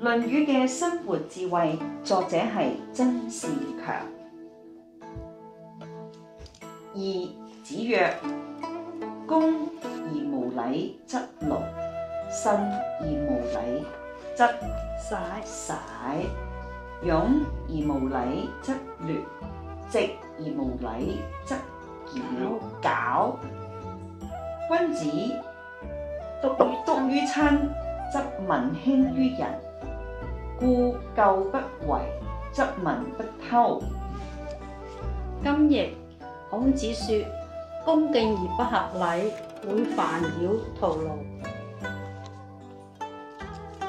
《論語》嘅生活智慧，作者係曾仕強。二子曰：恭而無禮則勞，慎而無禮則葸葸，勇而無禮則亂，直而無禮則絞絞。君子篤於篤於親則民興於仁。故舊不為，則民不偷。今日孔子説：恭敬而不合禮，會煩擾徒勞；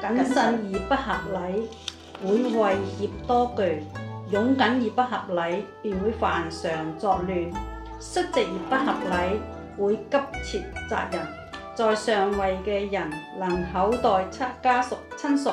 謹慎而不合禮，會畏怯多懼；勇敢而不合禮，便會犯上作亂；率直而不合禮，會急切責人。在上位嘅人，能厚待親家屬親屬。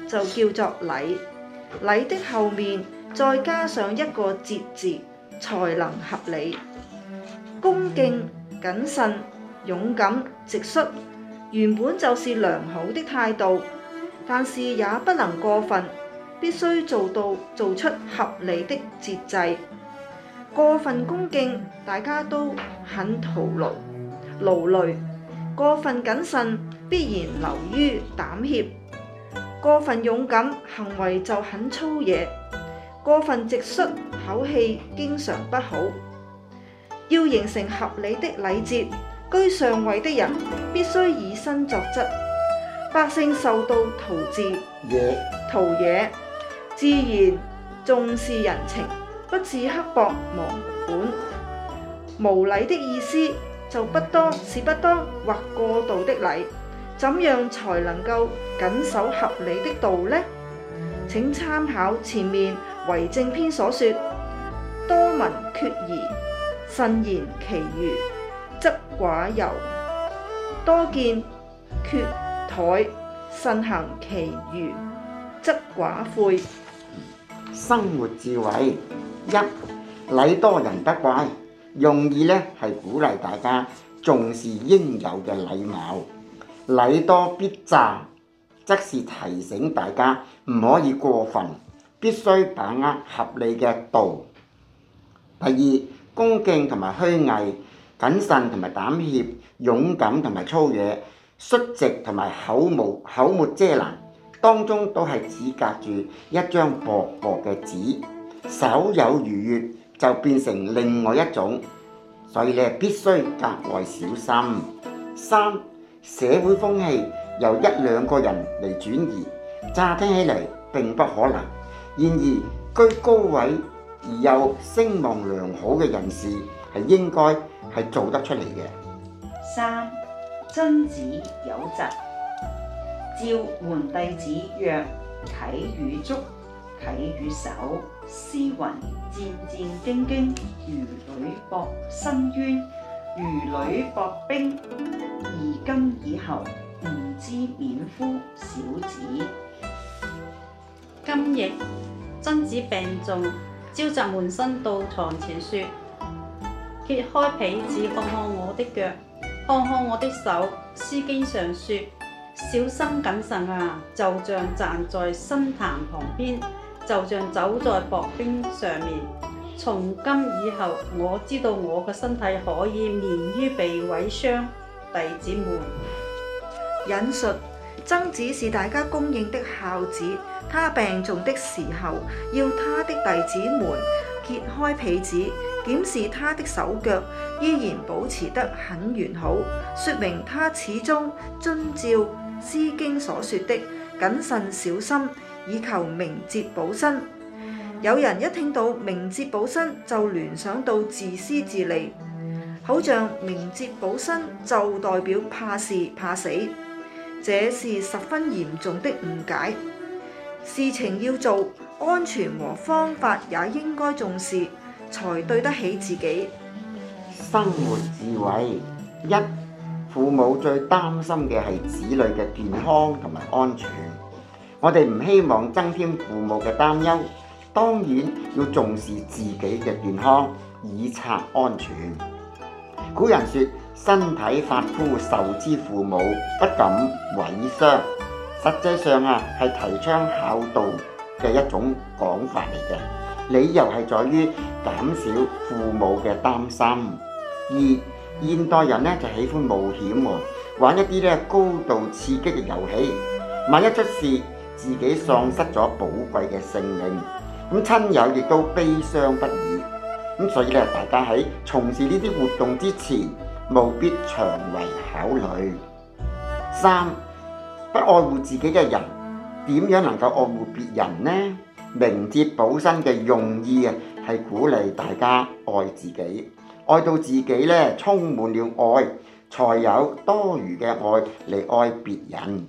就叫做禮，禮的後面再加上一個節字，才能合理。恭敬、謹慎、勇敢、直率，原本就是良好的態度，但是也不能過分，必須做到做出合理的節制。過分恭敬，大家都很徒勞勞累；過分謹慎，必然流於膽怯。過分勇敢，行為就很粗野；過分直率，口氣經常不好。要形成合理的禮節，居上位的人必須以身作則，百姓受到陶冶，陶冶 Yeah. 自然重視人情，不至刻薄忘本。無禮的意思就不多，是不多，或過度的禮。怎樣才能夠謹守合理的道呢？請參考前面為政篇所說：多聞闕疑，慎言其馀，則寡尤；多見闕殆，慎行其馀，則寡悔。生活智慧一，禮多人不怪，用意呢係鼓勵大家重視應有嘅禮貌。禮多必詐，即是提醒大家唔可以過分，必須把握合理嘅度。第二，恭敬同埋虛偽、謹慎同埋膽怯、勇敢同埋粗野、率直同埋口無口無遮攔，當中都係只隔住一張薄薄嘅紙，稍有逾越就變成另外一種，所以你必須格外小心。三。社會風氣由一兩個人嚟轉移，乍聽起嚟並不可能。然而居高位而又聲望良好嘅人士，係應該係做得出嚟嘅。三，曾子有疾，召門弟子曰：啟予足，啟予手。詩云：戰戰兢兢，如履薄深淵。如履薄冰，而今以後，唔知免夫小子。今日曾子病重，召集門生到床前説：揭開被子，看看我的腳，看看我的手。《詩經》上説：小心謹慎啊，就像站在深潭旁邊，就像走在薄冰上面。從今以後，我知道我嘅身體可以免於被毀傷，弟子們。引述：曾子是大家公認的孝子，他病重的時候，要他的弟子們揭開被子，檢視他的手腳，依然保持得很完好，說明他始終遵照《詩經》所說的謹慎小心，以求明哲保身。有人一聽到明哲保身就聯想到自私自利，好像明哲保身就代表怕事怕死，這是十分嚴重的誤解。事情要做，安全和方法也應該重視，才對得起自己。生活智慧一，父母最擔心嘅係子女嘅健康同埋安全，我哋唔希望增添父母嘅擔憂。當然要重視自己嘅健康，以策安全。古人說：身體髮膚，受之父母，不敢毀傷。實際上啊，係提倡孝道嘅一種講法嚟嘅。理由係在於減少父母嘅擔心。而現代人呢就喜歡冒險喎，玩一啲咧高度刺激嘅遊戲，萬一出事，自己喪失咗寶貴嘅性命。咁親友亦都悲傷不已，咁所以咧，大家喺從事呢啲活動之前，務必長為考慮。三，不愛護自己嘅人，點樣能夠愛護別人呢？明哲保身嘅用意啊，係鼓勵大家愛自己，愛到自己咧充滿了愛，才有多餘嘅愛嚟愛別人。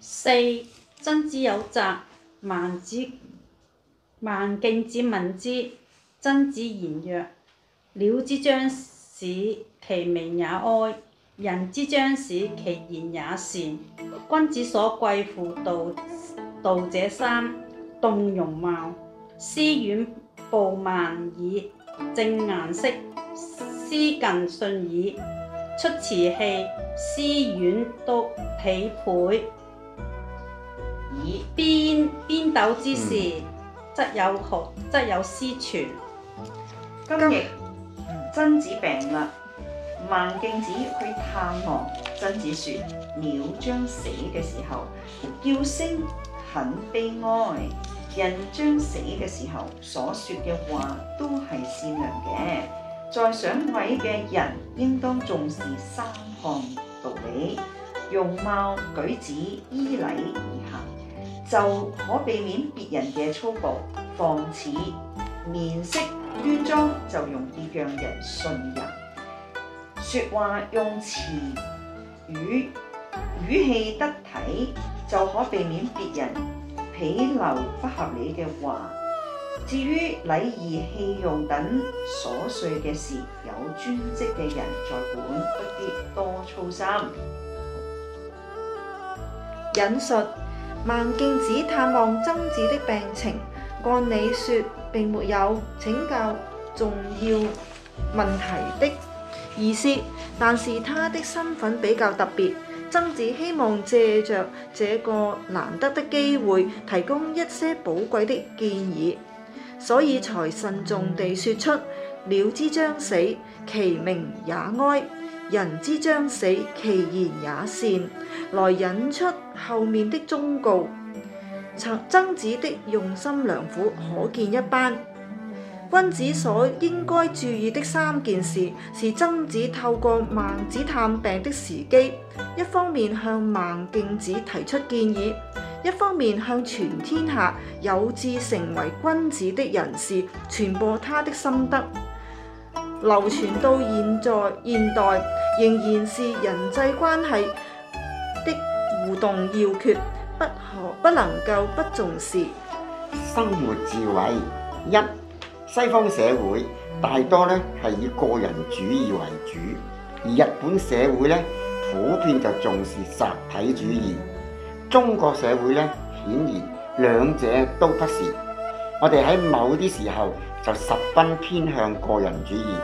四，真知有責。孟子，孟敬子問之。曾子言曰：鳥之將死，其鳴也哀；人之將死，其言也善。君子所貴乎道，道者三：動容貌，思遠暴慢矣；正顏色，思近信矣；出辭氣，思遠督鄙倍。籩籩豆之事，則、嗯、有學則有司存。今日曾子病啦，孟敬子去探望曾子說，說鳥將死嘅時候，叫聲很悲哀；人將死嘅時候，所說嘅話都係善良嘅。在上位嘅人，應當重視三項道理：容貌、舉止、依禮而行。就可避免別人嘅粗暴、放肆，面色端莊就容易讓人信任。說話用詞語語氣得體，就可避免別人鄙陋不合理嘅話。至於禮儀器用等瑣碎嘅事，有專職嘅人在管，不必多操心。引述。孟敬子探望曾子的病情，按理說並沒有請教重要問題的意思，但是他的身份比較特別，曾子希望借着這個難得的機會提供一些寶貴的建議，所以才慎重地說出：鳥之將死，其鳴也哀。人之將死，其言也善，來引出後面的忠告。曾曾子的用心良苦，可見一斑。君子所應該注意的三件事，是曾子透過孟子探病的時機，一方面向孟敬子提出建議，一方面向全天下有志成為君子的人士傳播他的心得。流傳到現在現代，仍然是人際關係的互動要訣，不可不能夠不重視。生活智慧一，西方社會大多咧係以個人主義為主，而日本社會咧普遍就重視集體主義。中國社會咧顯然兩者都不是。我哋喺某啲時候，十分偏向個人主義，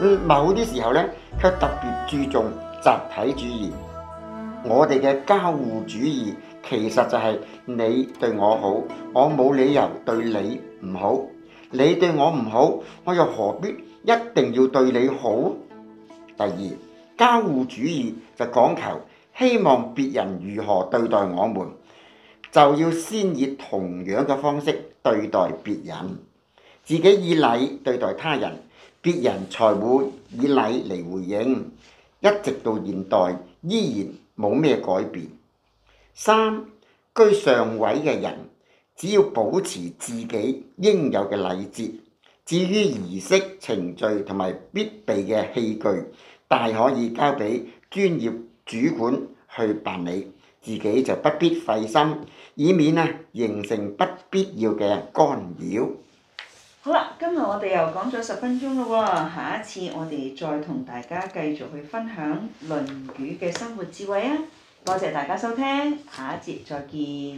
咁某啲時候呢，卻特別注重集體主義。我哋嘅交互主義其實就係你對我好，我冇理由對你唔好。你對我唔好，我又何必一定要對你好？第二，交互主義就講求希望別人如何對待我們，就要先以同樣嘅方式對待別人。自己以禮對待他人，別人才會以禮嚟回應。一直到現代，依然冇咩改變。三、居上位嘅人，只要保持自己應有嘅禮節。至於儀式程序同埋必備嘅器具，大可以交俾專業主管去辦理，自己就不必費心，以免啊形成不必要嘅干擾。好啦，今日我哋又講咗十分鐘嘞。喎，下一次我哋再同大家繼續去分享論語嘅生活智慧啊！多謝大家收聽，下一節再見。